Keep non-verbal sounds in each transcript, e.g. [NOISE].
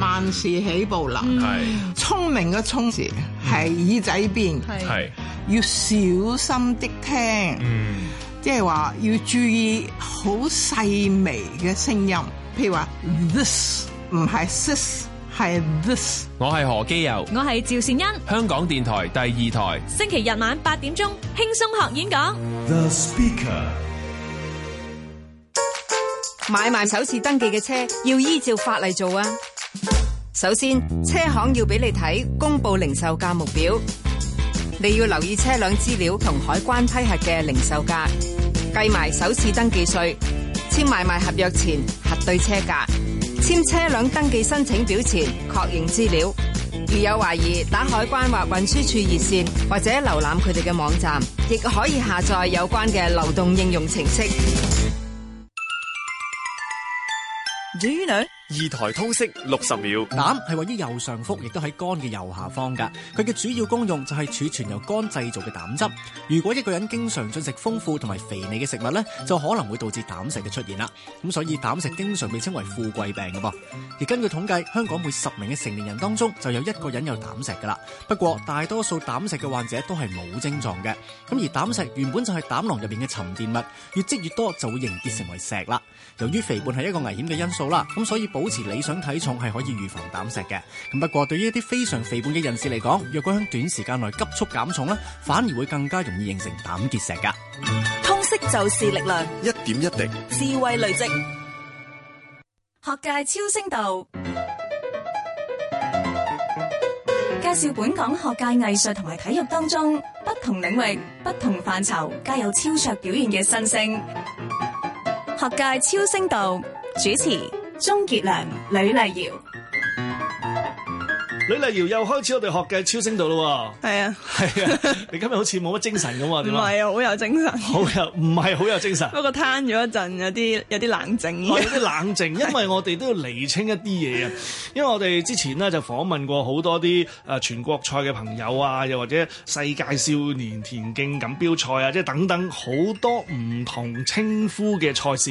萬事起步難，係聰是明嘅聰字係耳仔邊，係是是要小心的聽，即係話要注意好細微嘅聲音，譬如話 this 唔係 this 係 this。This this 我係何基友，我係趙善恩，香港電台第二台，星期日晚八點鐘輕鬆學演講。The speaker 買埋首次登記嘅車要依照法例做啊！首先，車行要俾你睇公佈零售價目表。你要留意車輛資料同海關批核嘅零售價，計埋首次登記稅。簽買賣合約前，核對車價。簽車輛登記申請表前，確認資料。如有懷疑，打海關或運輸處熱線，或者瀏覽佢哋嘅網站，亦可以下載有關嘅流動應用程式。Do you know? 二台通識六十秒。膽係位於右上腹，亦都喺肝嘅右下方噶。佢嘅主要功用就係儲存由肝製造嘅膽汁。如果一個人經常進食豐富同埋肥膩嘅食物呢，就可能會導致膽石嘅出現啦。咁所以膽石經常被稱為富貴病噶噃。而根據統計，香港每十名嘅成年人當中就有一個人有膽石噶啦。不過大多數膽石嘅患者都係冇症狀嘅。咁而膽石原本就係膽囊入邊嘅沉澱物，越積越多就會凝結成為石啦。由於肥胖係一個危險嘅因素啦，咁所以。保持理想體重係可以預防膽石嘅。咁不過對於一啲非常肥胖嘅人士嚟講，若果喺短時間內急速減重咧，反而會更加容易形成膽結石㗎。通識就是力量，一點一滴智慧累積，學界超星度介紹本港學界、藝術同埋體育當中不同領域、不同範疇皆有超卓表現嘅新星。學界超星度主持。鍾傑良、呂麗瑤。呂麗瑤又開始我哋學嘅超聲度咯，係是啊，係啊，你今日好似冇乜精神咁啊？唔係，有好有，有精神。好有，唔係啊，好有精神，好有，唔係好有精神，不過攤咗一陣，有啲有啲冷靜， [LAUGHS] 有啲冷靜，因為我哋都要釐清一啲嘢啊，因為我哋之前呢，就訪問過好多啲誒、啊、全國賽嘅朋友啊，又或者世界少年田徑錦標賽啊，即、就、係、是、等等好多唔同稱呼嘅賽事，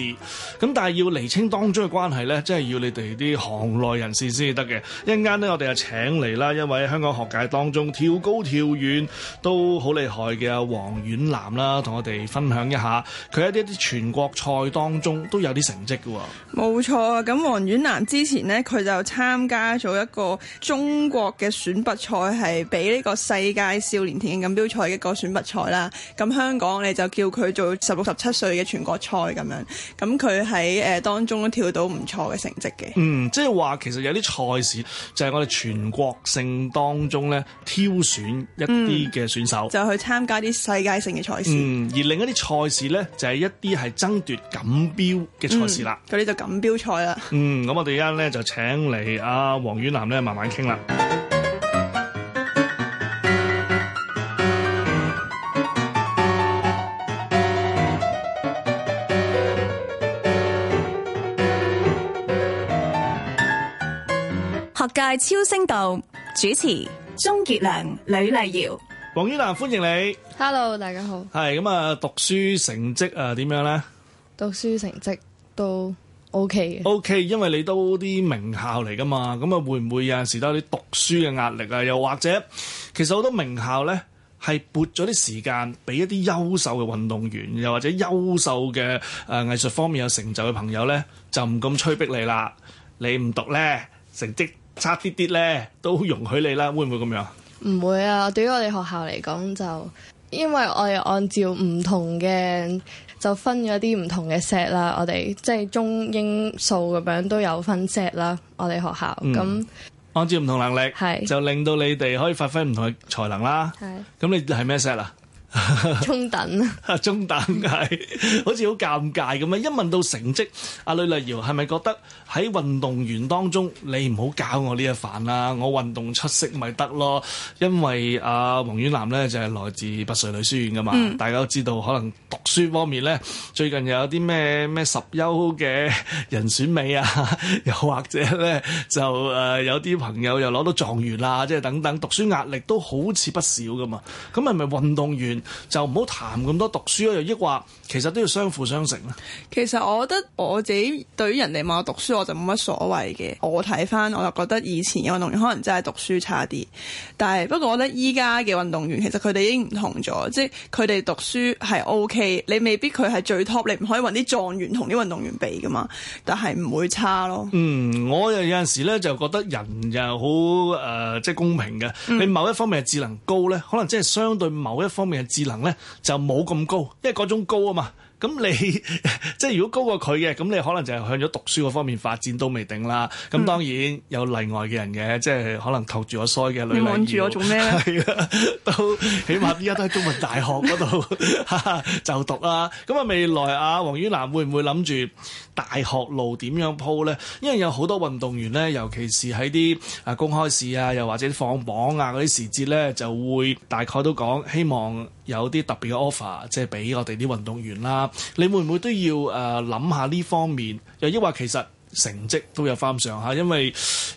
咁但係要釐清當中嘅關係咧，真、就、係、是、要你哋啲行內人士先至得嘅。一陣間咧，我哋就請。嚟啦，一位香港學界當中跳高跳遠都好厲害嘅黃沅嵐啦，同我哋分享一下佢喺呢啲全國賽當中都有啲成績嘅、哦。冇錯啊，咁黃沅嵐之前呢，佢就參加咗一個中國嘅選拔賽，係俾呢個世界少年田徑錦標賽一個選拔賽啦。咁香港，我哋就叫佢做十六十七歲嘅全國賽咁樣。咁佢喺誒當中都跳到唔錯嘅成績嘅。嗯，即係話其實有啲賽事就係、是、我哋全。國性當中咧，挑選一啲嘅選手，嗯、就去參加啲世界性嘅賽事。嗯，而另一啲賽事咧就係、是、一啲係爭奪錦標嘅賽事啦。嗰啲就錦標賽啦。嗯，咁、嗯、我哋而家咧就請嚟阿、啊、黃沅嵐咧慢慢傾啦。學界超聲道，主持鍾傑良、呂麗瑤、黃沅嵐，歡迎你。Hello，大家好。係咁啊，讀書成績啊，點、呃、樣咧？讀書成績都 OK 嘅。OK，因為你都啲名校嚟噶嘛，咁啊會唔會有陣時都有啲讀書嘅壓力啊？又或者，其實好多名校咧係撥咗啲時間俾一啲優秀嘅運動員，又或者優秀嘅誒藝術方面有成就嘅朋友咧，就唔咁催逼你啦。你唔讀咧，成績。差啲啲咧，都容許你啦，會唔會咁樣？唔會啊！對於我哋學校嚟講，就因為我哋按照唔同嘅就分咗啲唔同嘅 set 啦，我哋即係中英數咁樣都有分 set 啦。我哋學校咁、嗯、那按照唔同能力，係是就令到你哋可以發揮唔同嘅才能啦。係咁是，你係咩 set 啦？中等啊， [LAUGHS] 中等係，好似好尷尬咁啊！一問到成績，阿呂麗瑤係咪覺得喺運動員當中，你唔好搞我呢一範啊，我運動出色咪得咯？因為阿黃沅嵐咧就係、是、來自拔萃女書院噶嘛，嗯、大家都知道可能讀書方面咧，最近又有啲咩咩十優嘅人選美啊，又或者咧就誒、呃、有啲朋友又攞到狀元啊，即、就、係、是、等等，讀書壓力都好似不少噶嘛。咁係咪運動員？就唔好談咁多讀書咯，又抑或其實都要相輔相成咧。其實我覺得我自己對於人哋問我讀書，我就冇乜所謂嘅。我睇翻我就覺得以前嘅運動員可能真係讀書差啲，但係不過我覺得依家嘅運動員其實佢哋已經唔同咗，即係佢哋讀書係 OK。你未必佢係最 top，你唔可以搵啲狀元同啲運動員比㗎嘛，但係唔會差咯。嗯，我又有陣時咧就覺得人就好誒，即係公平㗎。你某一方面係智能高咧，嗯、可能真係相對某一方面智能咧就冇咁高，因為嗰種高啊嘛。咁你即係如果高過佢嘅，咁你可能就係向咗讀書嗰方面發展都未定啦。咁、嗯、當然有例外嘅人嘅，即係可能託住個腮嘅女。按住我做咩咧？都起碼依家都喺中文大學嗰度 [LAUGHS] [LAUGHS] 就讀啦。咁啊，未來啊，黃沅嵐會唔會諗住大學路點樣鋪咧？因為有好多運動員咧，尤其是喺啲啊公開試啊，又或者放榜啊嗰啲時節咧，就會大概都講希望。有啲特別嘅 offer，即係俾我哋啲運動員啦。你會唔會都要誒諗、呃、下呢方面？又抑或其實成績都有翻上嚇？因為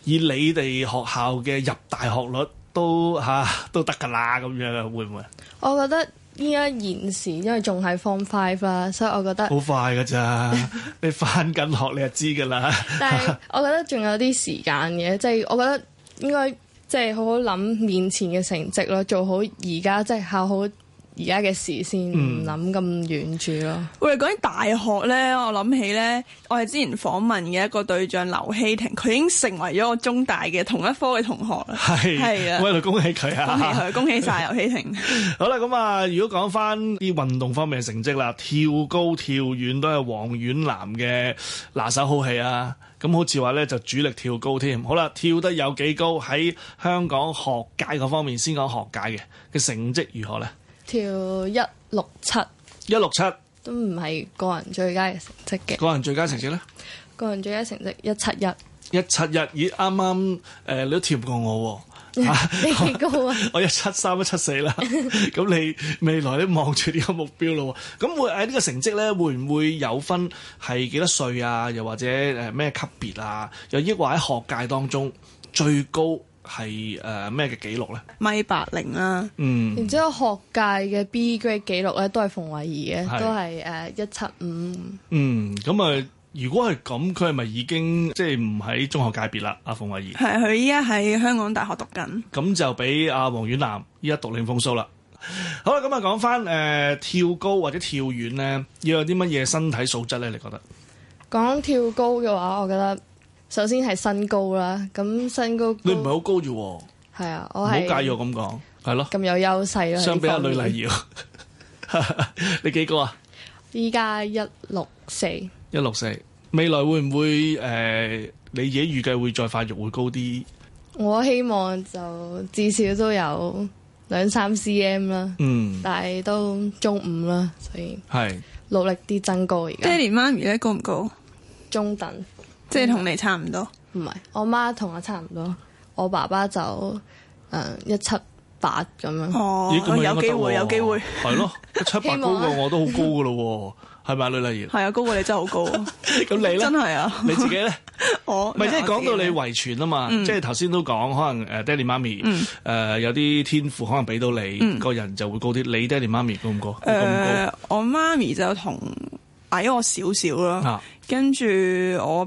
以你哋學校嘅入大學率都嚇、啊、都得㗎啦，咁樣會唔會？我覺得依家現時，因為仲係 form five 啦，所以我覺得好快㗎咋。 [LAUGHS] 你翻緊學你就知㗎啦。 [LAUGHS] 但係我覺得仲有啲時間嘅，即、就、係、是、我覺得應該即係、就是、好好諗面前嘅成績咯，做好而家即係考好。而家嘅事先唔諗咁遠住咯。喂，講起大學咧，我諗起咧，我哋之前訪問嘅一個對象劉希婷，佢已經成為咗我中大嘅同一科嘅同學啦。係係是的啊，我喺度恭喜佢啊！恭喜佢，恭喜晒劉希婷。 [LAUGHS] [LAUGHS] 好啦，咁啊，如果講翻啲運動方面嘅成績啦，跳高跳遠都係黃沅嵐嘅拿手好戲啊。咁好似話咧就主力跳高添。好啦，跳得有幾高？喺香港學界嗰方面先講學界嘅嘅成績如何咧？跳一六七，一六七都唔係個人最佳嘅成績嘅。個人最佳成績咧？個人最佳成績一七一，一七一。1，咦，啱啱誒，你都跳過我喎。你幾高啊？我一七三，一七四啦。咁你未來咧望住呢個目標咯。咁會喺呢個成績咧，會唔會有分係幾多歲啊？又或者誒咩、呃、級別啊？又抑或喺學界當中最高？係誒咩嘅記錄咧？呃、錄呢米八零啦、啊，嗯，然之後學界嘅 B grade 記錄咧都係馮慧儀嘅，都係誒是、呃、一七，五。嗯，咁啊、呃，如果係咁，佢係咪已經即係唔喺中學界別啦？阿、啊、馮慧儀係，佢依家喺香港大學讀緊，咁就俾阿黃沅嵐依家獨領風騷啦。 [LAUGHS] 好啦，咁啊講翻誒、呃、跳高或者跳遠咧要有啲乜嘢身體素質咧？你覺得講跳高嘅話，我覺得。首先係身高啦，咁身高你唔係好高啫喎。係啊，我係唔好介意我咁講，係咯。咁有優勢啦，相比阿呂麗瑤。你幾高啊？依家一六四。一六四，未來會唔會誒？你自己預計會再發育會高啲？我希望就至少都有兩三 cm 啦。嗯，但係都中五啦，所以係努力啲增高而家。爹哋媽咪咧高唔高？中等。即係同你差唔多，唔係，我媽同我差唔多，我爸爸就誒一七八咁樣。哦，有機會有機會，係咯，一七八高過我都好高噶咯，係咪啊，呂麗瑤？係啊，高過你真係好高，咁你咧？真係啊，你自己咧？我咪即係講到你遺傳啊嘛，即係頭先都講，可能誒爹哋媽咪誒有啲天賦，可能俾到你個人就會高啲。你爹哋媽咪高唔高？誒，我媽咪就同矮咗我少少咯，跟住我，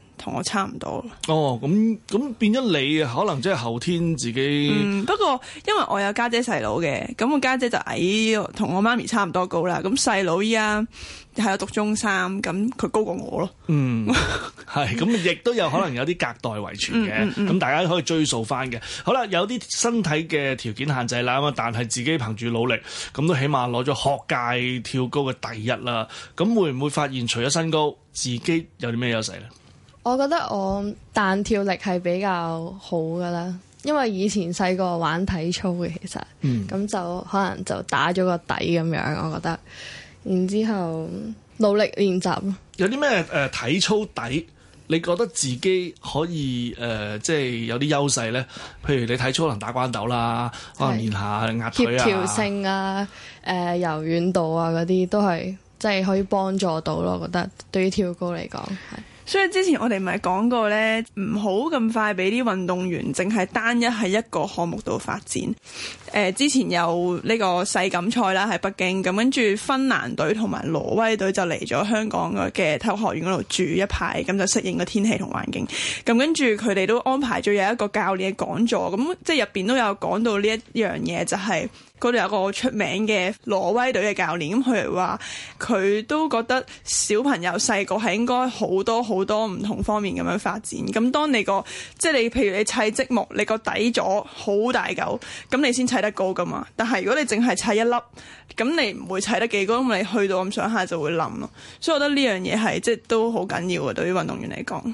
同我差唔多哦。咁咁變咗你可能即係後天自己、嗯。不過因為我有家姐，姐弟弟、細佬嘅，咁我家姐，姐就矮，同我媽咪差唔多高啦。咁細佬依家係有讀中三，咁佢高過我咯。嗯，係、嗯、咁，亦都有可能有啲隔代遺傳嘅。咁大家可以追溯翻嘅。好啦，有啲身體嘅條件限制啦，咁但係自己憑住努力，咁都起碼攞咗學界跳高嘅第一啦。咁會唔會發現，除咗身高，自己有啲咩優勢咧？我覺得我彈跳力係比較好㗎喇，因為以前細個玩體操嘅，其實咁、嗯、就可能就打咗個底咁樣，我覺得。然之後努力練習咯。有啲咩誒體操底，你覺得自己可以誒，即、呃、係、就是、有啲優勢咧？譬如你體操能打關斗啦，是可能練下壓腿、啊、協調性啊、誒、呃、柔軟度啊嗰啲，都係即係可以幫助到咯。我覺得對於跳高嚟講，係。所以之前我哋咪講過咧，唔好咁快俾啲運動員淨係單一喺一個項目度發展。誒、呃，之前有呢個世錦賽啦，喺北京咁，跟住芬蘭隊同埋挪威隊就嚟咗香港嘅體育學院嗰度住一排，咁就適應個天氣同環境。咁跟住佢哋都安排咗有一個教練嘅講座，咁即係入邊都有講到呢一樣嘢，就係、是。嗰度有個出名嘅挪威隊嘅教練，咁佢哋話佢都覺得小朋友細個係應該好多好多唔同方面咁樣發展。咁當你個即係你，譬如你砌積木，你個底咗好大嚿，咁你先砌得高㗎嘛。但係如果你淨係砌一粒，咁你唔會砌得幾高，咁你去到咁上下就會冧咯。所以我覺得呢樣嘢係即係都好緊要啊，對於運動員嚟講。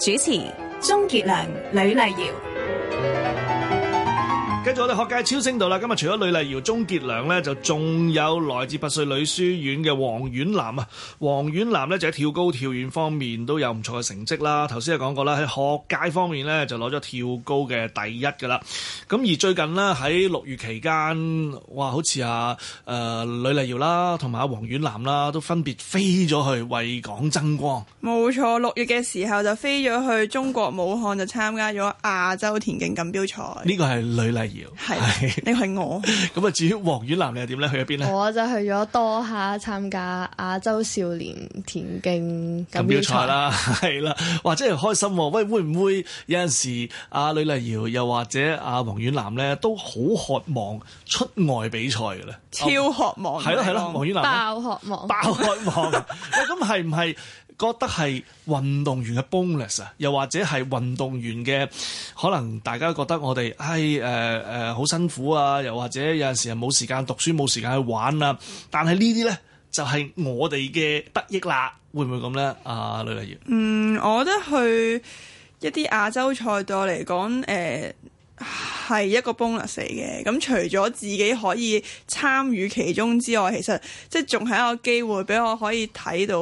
主持：鍾傑良、呂麗瑤。咁我哋學界超聲度啦，今日除咗呂麗瑤、鍾傑良呢，就仲有來自拔萃女書院嘅黃沅嵐啊。黃沅嵐呢，就喺跳高、跳遠方面都有唔錯嘅成績啦。頭先又講過啦，喺學界方面呢，就攞咗跳高嘅第一噶啦。咁而最近呢，喺六月期間，哇，好似阿誒呂麗瑤啦，同埋阿黃沅嵐啦，都分別飛咗去為港爭光。冇錯，六月嘅時候就飛咗去中國武漢，就參加咗亞洲田徑錦標賽。呢個係呂麗瑤。係，你係我。咁啊， [LAUGHS] 至於黃沅嵐你又點咧？去咗邊咧？我就去咗多下參加亞洲少年田徑錦標賽啦，係啦。或者係開心喎、啊！喂，會唔會有陣時阿呂麗瑤又或者阿黃沅嵐咧都好渴望出外比賽嘅咧？超渴望！係咯係咯，黃沅嵐爆渴望，爆渴望。喂， [LAUGHS] [LAUGHS] 咁係唔係？覺得係運動員嘅 bonus 又或者係運動員嘅可能，大家覺得我哋唉，誒誒好辛苦啊，又或者有陣時又冇時間讀書，冇時間去玩啊。但係呢啲呢，就係、是、我哋嘅得益啦，會唔會咁呢？阿呂麗瑤，呃呃、嗯，我覺得去一啲亞洲賽對我嚟講，誒、呃、係一個 bonus 嚟嘅。咁除咗自己可以參與其中之外，其實即係仲係一個機會俾我可以睇到，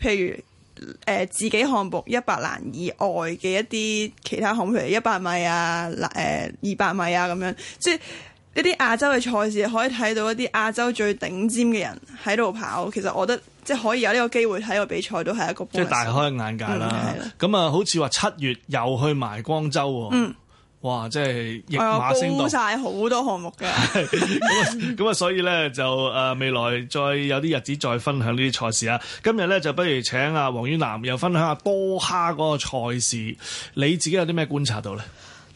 譬如，誒、呃，自己項目一百欄以外嘅一啲其他項目，譬如一百米啊、誒二百米啊咁樣，即係一啲亞洲嘅賽事，可以睇到一啲亞洲最頂尖嘅人喺度跑。其實我覺得，即係可以有呢個機會睇個比賽，都係一個即係大開眼界啦。咁啊、嗯，好似話七月又去埋光州、啊。嗯。哇！即係影響到晒好多項目嘅。咁啊， [LAUGHS] 所以咧就誒、啊，未來再有啲日子再分享呢啲賽事啊。今日咧就不如請阿黃沅嵐又分享下多哈嗰個賽事，你自己有啲咩觀察到咧？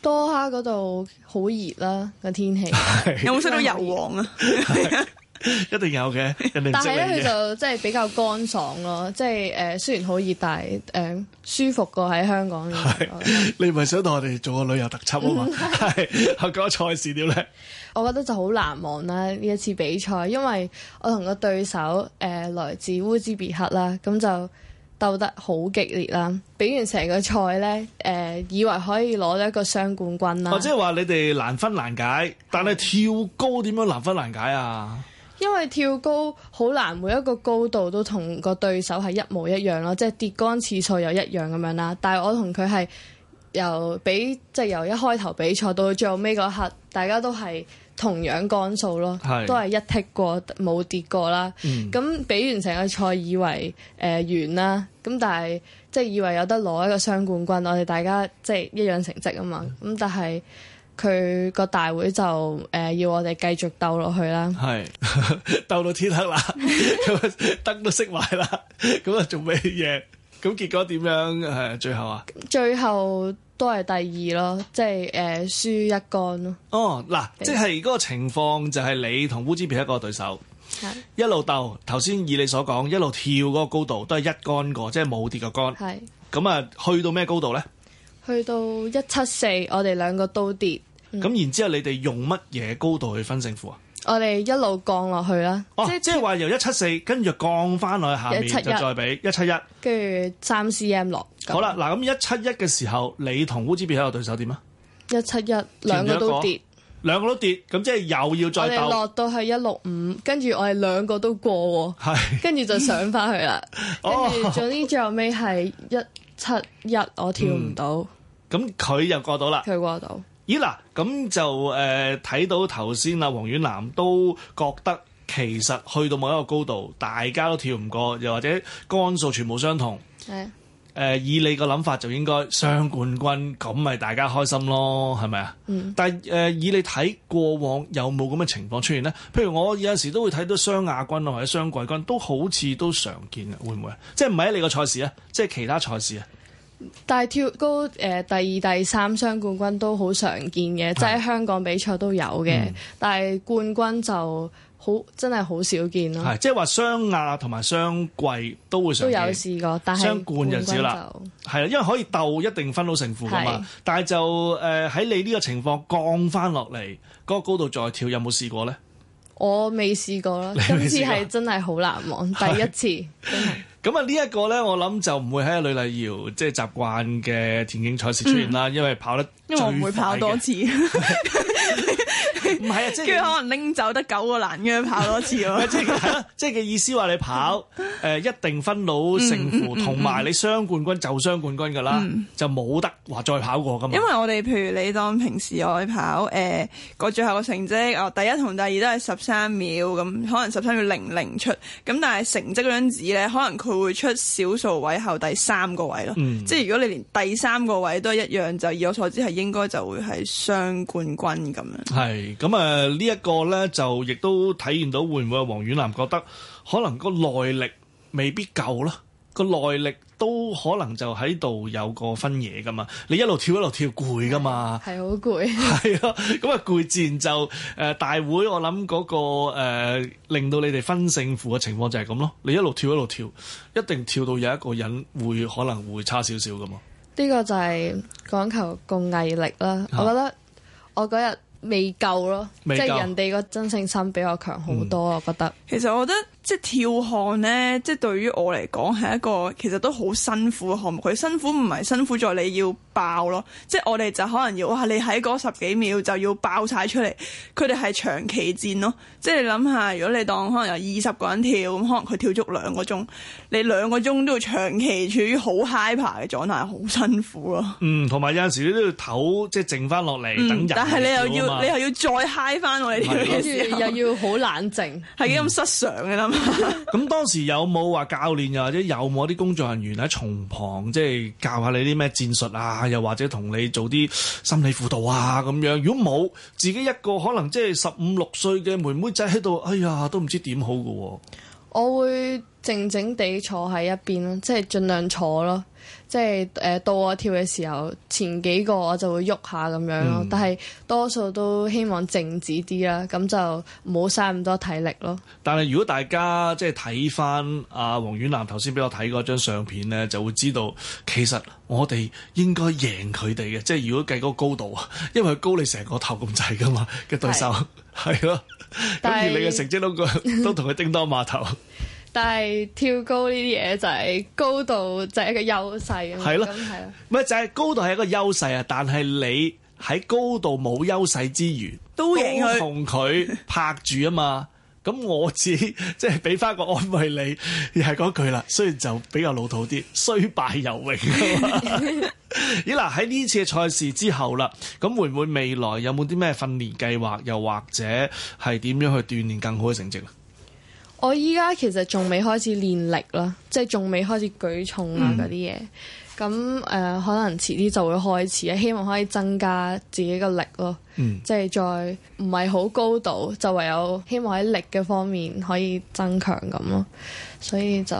多哈嗰度好熱啦，個天氣 [LAUGHS] 有冇識到油黃啊？ [LAUGHS] [LAUGHS] [LAUGHS] 一定有嘅，但係咧，佢就即係比較乾爽咯，即係誒，雖然好熱，但係誒、呃、舒服過喺香港。 [LAUGHS] 你唔係想同我哋做個旅遊特輯啊？嘛？ [LAUGHS] 係國家賽事點咧？我覺得就好難忘啦呢一次比賽，因為我同個對手誒、呃、來自烏茲別克啦，咁、啊、就鬥得好激烈啦。比完成個賽咧，誒、呃、以為可以攞到一個雙冠軍啦。啊、哦，即係話你哋難分難解，但係跳高點樣難分難解啊？的 [LAUGHS] 因為跳高好難，每一個高度都同個對手係一模一樣咯，即係跌杆次數又一樣咁樣啦。但係我同佢係由比，即係由一開頭比賽到最後尾嗰刻，大家都係同樣杆數咯，是都係一踢過冇跌過啦。咁比完成個賽以為誒完啦，咁但係即係以為有得攞一個雙冠軍，我哋大家即係一樣成績啊嘛。咁但係，佢個大會就誒、呃、要我哋繼續鬥落去啦，係鬥到天黑啦，咁 [LAUGHS] 燈都熄埋啦，咁啊做咩嘢？咁結果點樣？誒、呃、最後啊，最後都係第二咯，即係誒、呃、輸一杆咯。哦，嗱，即係嗰個情況就係你同烏之別一個對手，是一路鬥。頭先以你所講，一路跳嗰個高度都係一杆過，即係冇跌過杆。係咁啊，去到咩高度咧？去到一七四，我哋兩個都跌。咁、嗯、然之後，你哋用乜嘢高度去分勝負啊？我哋一路降落去啦，啊、即係即係話由一七四跟住降翻落去下面1，就再俾一七一，跟住三 cm 落。好啦，嗱，咁一七一嘅時候，你同烏茲別克嘅對手點啊？一七一，兩個都跌，兩個都跌，咁即係又要再我哋落到去一六五，跟住我哋兩個都過，係，跟住就上翻去啦。跟住總之最後尾係一七一，我跳唔到，咁佢又過到啦，佢過到。咦嗱，咁就誒睇、呃、到頭先阿黃沅嵐都覺得其實去到某一個高度，大家都跳唔過，又或者杆數全部相同，係誒、哎呃、以你個諗法就應該雙冠軍，咁咪大家開心咯，係咪啊？嗯。但係誒、呃、以你睇過往有冇咁嘅情況出現呢？譬如我有陣時都會睇到雙亞軍或者雙季軍都好似都常見嘅，會唔會？即係唔係你個賽事啊？即係其他賽事啊？但係跳高誒第二、第三雙冠軍都好常見嘅，即係的香港比賽都有嘅。嗯、但係冠軍就好真係好少見咯。係即係話雙亞同埋雙季都會常見。都有試過，但係雙冠就少啦。係啦，因為可以鬥一定分到勝負噶嘛。的但係就誒喺你呢個情況下降翻落嚟嗰個高度再跳，有冇試過咧？我未試過咯，今次係真係好難忘，的第一次真係。 [LAUGHS] 咁啊，呢一個咧，我諗就唔會喺呂麗瑤即係習慣嘅田徑賽事出現啦，嗯、因為跑得，因為我唔會跑多次，唔係 [LAUGHS] [LAUGHS] 啊，跟佢、即係、可能拎走得九個欄嘅跑多次即係即係嘅意思話你跑誒、嗯呃、一定分到勝負同埋你雙冠軍就雙冠軍噶啦，嗯、就冇得話再跑過噶嘛。因為我哋譬如你當平時我跑誒個、呃、最後嘅成績哦第一同第二都係十三秒咁，可能十三秒零零出，咁但係成績嗰張紙咧，可能佢。會出少數位，後第三個位咯。嗯、即係如果你連第三個位都係一樣，就以我所知係應該就會係雙冠軍咁樣。係咁啊，嗯呃這個、呢一個咧就亦都體現到，會唔會黃沅嵐覺得可能個耐力未必夠咯。個耐力都可能就喺度有個分野噶嘛，你一路跳一路跳攰噶嘛，係好攰，係 [LAUGHS] 啊，咁啊攰自然就誒、呃、大會我諗嗰、那個誒、呃、令到你哋分勝負嘅情況就係咁咯，你一路跳一路跳，一定跳到有一個人會可能會差少少噶嘛，呢個就係講求共毅力啦，我覺得我嗰日未夠咯，啊、即係人哋個爭勝心比我強好多，嗯、我覺得，其實我覺得。即係跳項咧，即係對於我嚟講係一個其實都好辛苦嘅項目。佢辛苦唔係辛苦在你要爆咯，即係我哋就可能要哇！你喺嗰十幾秒就要爆晒出嚟。佢哋係長期戰咯。即係你諗下，如果你當可能有二十個人跳，咁可能佢跳足兩個鐘，你兩個鐘都要長期處於好 high 爬嘅狀態，好辛苦咯。嗯，同埋有陣時你都要唞，即係靜翻落嚟等陣、嗯。但係你又要，嘛你，又要你又要再 high 翻我哋，跟住、嗯、又要好冷靜，係幾咁失常嘅啦、嗯。咁 [LAUGHS] 當時有冇話教練又或者有冇啲工作人員喺從旁即係教下你啲咩戰術啊？又或者同你做啲心理輔導啊？咁樣如果冇，自己一個可能即係十五六歲嘅妹妹仔喺度，哎呀都唔知點好噶。我會靜靜地坐喺一邊咯，即係盡量坐咯。即係誒、呃、到我跳嘅時候，前幾個我就會喐下咁樣咯，嗯、但係多數都希望靜止啲啦，咁就冇嘥咁多體力咯。但係如果大家即係睇翻阿黃沅嵐頭先俾我睇嗰張相片咧，就會知道其實我哋應該贏佢哋嘅，即係如果計嗰個高度啊，因為佢高你成個頭咁滯噶嘛嘅對手，係咯，咁而你嘅成績都都同佢叮噹馬頭。 [LAUGHS] 但係跳高呢啲嘢就係高度就係、是、一個優勢啊，係咯的，係啊，唔係就係、是、高度係一個優勢啊，但係你喺高度冇優勢之餘，都影同佢拍住啊嘛，咁我只即係俾翻個安慰你，又係嗰句啦，雖然就比較老土啲，雖敗猶榮。咦嗱、 [LAUGHS] 哎，喺呢次嘅賽事之後啦，咁會唔會未來有冇啲咩訓練計劃，又或者係點樣去鍛煉更好嘅成績咧？我依家其實仲未開始練力啦，即係仲未開始舉重啊嗰啲嘢。咁誒、嗯呃，可能遲啲就會開始啊。希望可以增加自己嘅力咯，嗯、即係再唔係好高度，就唯有希望喺力嘅方面可以增強咁咯。所以就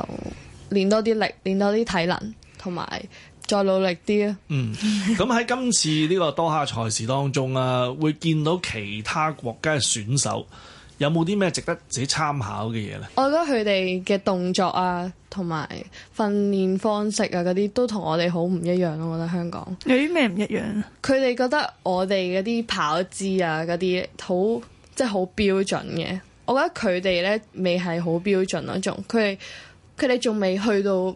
練多啲力，練多啲體能，同埋再努力啲咯。嗯，咁喺 [LAUGHS] 今次呢個多哈賽事當中啊，會見到其他國家嘅選手。有冇啲咩值得自己參考嘅嘢咧？我覺得佢哋嘅動作啊，同埋訓練方式啊，嗰啲都同我哋好唔一樣咯、啊。我覺得香港有啲咩唔一樣？佢哋覺得我哋嗰啲跑姿啊，嗰啲好即係好標準嘅。我覺得佢哋咧未係好標準咯，仲佢哋，佢哋仲未去到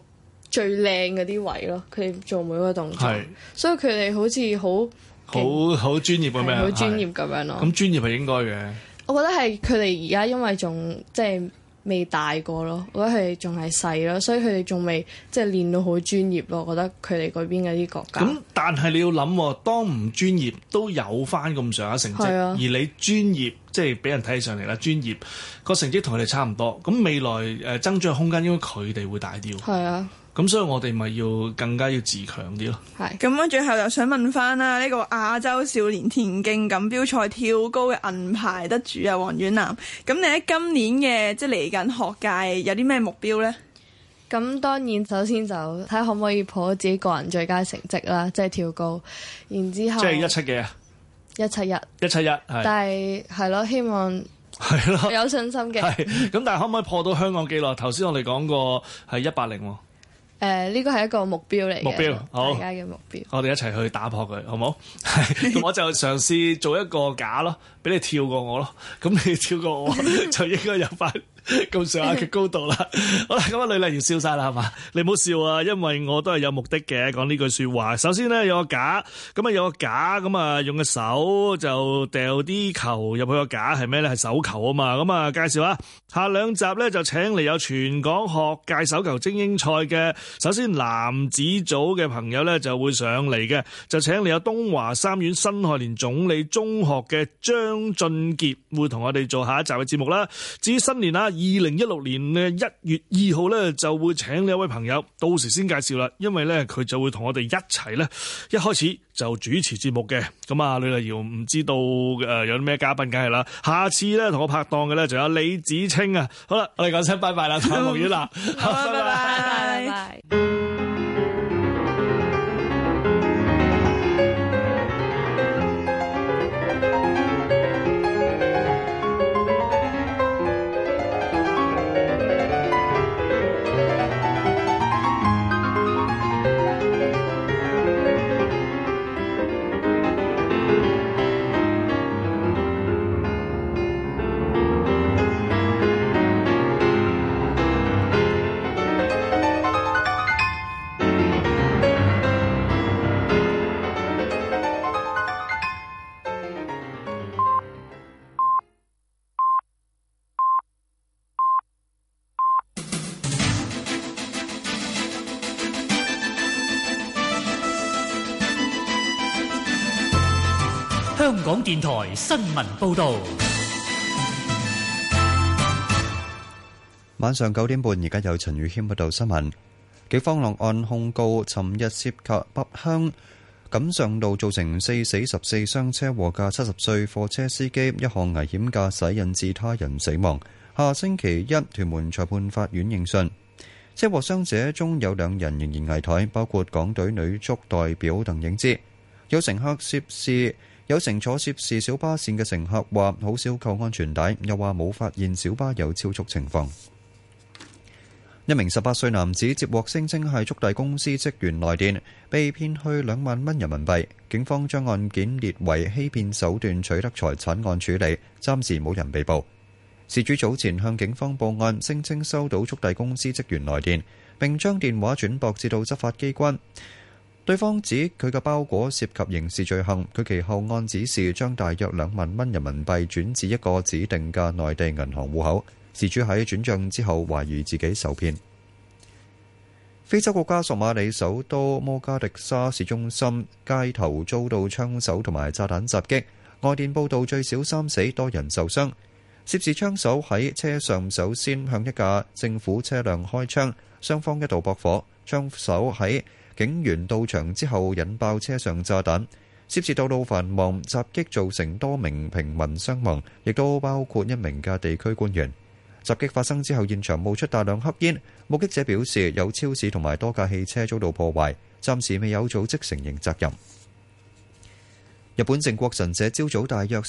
最靚嗰啲位咯。佢哋做每個動作，是所以佢哋好似好好好專業咁樣。好專業咁樣咯。咁專業係應該嘅。我覺得係佢哋而家因為仲即係未大個咯，我覺得佢哋仲係細咯，所以佢哋仲未即係練到好專業咯。我覺得佢哋嗰邊嘅啲國家咁，但係你要諗、哦，當唔專業都有翻咁上下成績，啊、而你專業即係俾人睇起上嚟啦。專業、嗰個成績同佢哋差唔多，咁未來誒，增長空間應該佢哋會大啲。係啊。咁所以我哋咪要更加要自強啲咯。係咁啊！最後又想問翻啦，呢個亞洲少年田徑錦標賽跳高嘅銀牌得主啊，黃沅嵐。咁你喺今年嘅即係嚟緊學界有啲咩目標咧？咁當然，首先就睇可唔可以破自己個人最佳成績啦，即係跳高。然之後即係一七幾啊？一七一，一七一係。一七一，但係係咯，希望係咯，有信心嘅。係咁，但係可唔可以破到香港紀錄？頭先我哋講過係一八零。誒，呢個係一個目標嚟嘅，大家嘅目標。目標好我哋一齊去打破佢，好唔好？ [LAUGHS] [LAUGHS] 我就嘗試做一個假咯，俾你跳過我咯。咁你跳過我就應該有翻。 [LAUGHS] [LAUGHS] 咁上下嘅高度啦， [LAUGHS] 好啦，咁啊，呂麗瑤笑晒啦，係嘛？你唔好笑啊，因為我都係有目的嘅，講呢句說話。首先呢，有個架，咁啊有個架，咁啊用個手就掉啲球入去個架，係咩呢？係手球啊嘛，咁啊介紹下，下兩集呢，就請嚟有全港學界手球精英賽嘅，首先男子組嘅朋友呢，就會上嚟嘅，就請嚟有東華三院辛亥年總理中學嘅張俊杰會同我哋做下一集嘅節目啦。至於新年啦～二零一六年咧一月二號咧就會請呢一位朋友，到時先介紹啦，因為咧佢就會同我哋一齊咧一開始就主持節目嘅。咁啊呂麗瑤唔知道誒有啲咩嘉賓梗係啦，下次咧同我拍檔嘅咧就有李子清啊，好啦，我哋講聲拜拜啦，唔 [LAUGHS] 好意思拜拜拜。新聞報道。晚上九點半，而家有陳宇謙報道新聞。警方落案控告，尋日涉及北鄉錦上路造成四死十四傷車禍嘅七十歲貨車司機，一項危險駕駛，引致他人死亡。下星期一，屯門裁判法院應訊。車禍傷者中有兩人仍然危殆，包括港隊女足代表鄧穎芝，有乘客涉事。有乘坐涉事小巴線嘅乘客話好少扣安全帶，又話冇發現小巴有超速情況。一名十八歲男子接獲聲稱係速遞公司職員來電，被騙去兩萬蚊人民幣。警方將案件列為欺騙手段取得財產案處理，暫時冇人被捕。事主早前向警方報案，聲稱收到速遞公司職員來電，並將電話轉駁至到執法機關。對方指佢嘅包裹涉及刑事罪行，佢其後按指示將大約兩萬蚊人民幣轉至一個指定嘅內地銀行戶口。事主喺轉賬之後懷疑自己受騙。非洲國家索馬里首都摩加迪沙市中心街頭遭到槍手同埋炸彈襲擊，外電報道最少三死，多人受傷。涉事槍手喺車上首先向一架政府車輛開槍，雙方一度搏火，槍手喺警員到場之後引爆車上炸彈，涉事道路繁忙，襲擊造成多名平民傷亡，亦都包括一名嘅地區官員。襲擊發生之後，現場冒出大量黑煙，目擊者表示有超市同埋多架汽車遭到破壞，暫時未有組織承認責任。日本靖國神社朝早大約